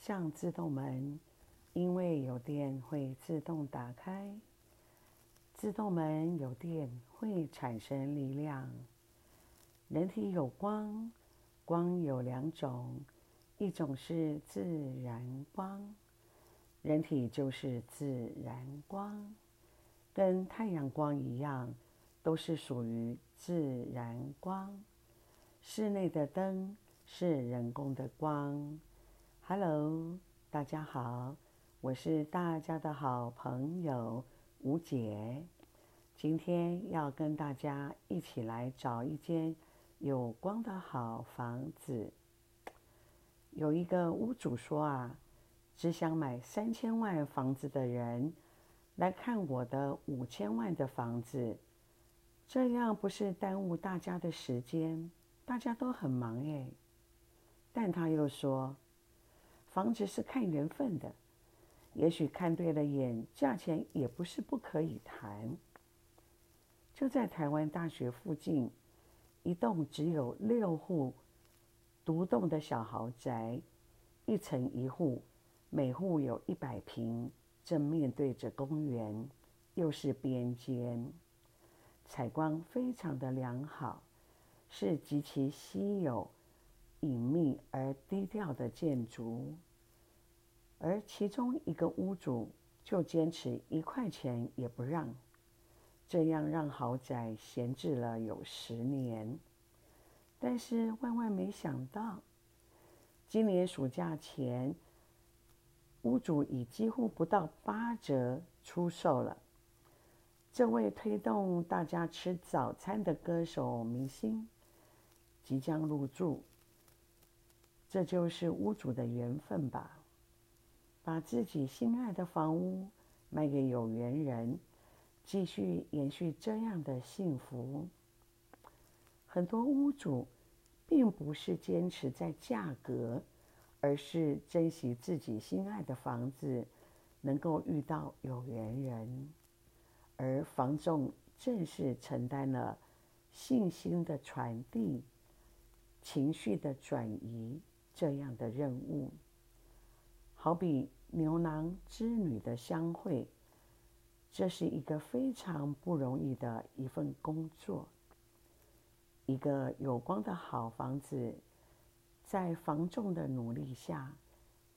像自動門，因為有電會自動打開。自動門有電會產生力量。人體有光，光有兩種，一種是自然光，人體就是自然光，跟太陽光一樣，都是屬於自然光。室內的燈是人工的光。哈囉，大家好，我是大家的好朋友吳姐。今天要跟大家一起來找一間有光的好房子。有一個屋主說啊，只想買三千萬房子的人來看我的五千萬的房子，這樣不是耽誤大家的時間？大家都很忙哎，但他又說。房子是看緣分的，也許看對了眼，價錢也不是不可以談。就在台灣大學附近，一棟只有六戶獨棟的小豪宅，一層一戶，每戶有一百坪，正面對着公園，又是邊間，採光非常的良好，是極其稀有。隱祕而低調的建築，而其中一個屋主就堅持一塊錢也不讓，這樣讓豪宅閒置了有十年。但是萬萬沒想到，今年暑假前，屋主以幾乎不到八折出售了。這位推動大家吃早餐的歌手明星即將入住。這就是屋主的緣分吧，把自己心愛的房屋賣給有緣人，繼續延續這樣的幸福。很多屋主，並不是堅持在價格，而是珍惜自己心愛的房子，能夠遇到有緣人，而房仲正是承擔了信心的傳遞，情緒的轉移。這樣的任務，好比牛郎織女的相會，這是一個非常不容易的一份工作。一個有光的好房子，在房仲的努力下，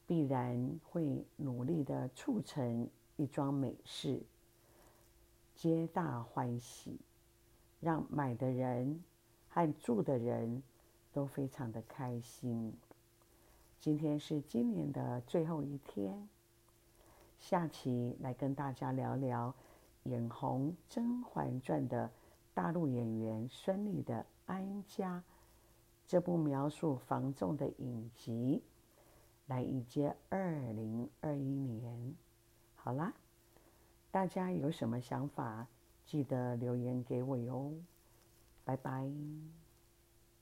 必然會努力的促成一樁美事，皆大歡喜，讓買的人和住的人都非常的開心。今天是今年的最後一天，下期來跟大家聊聊演紅《甄嬛傳》的大陸演員孫儷的《安家》，這部描述房仲的影集，來迎接二零二一年。好啦，大家有什麼想法，記得留言給我喲。拜拜。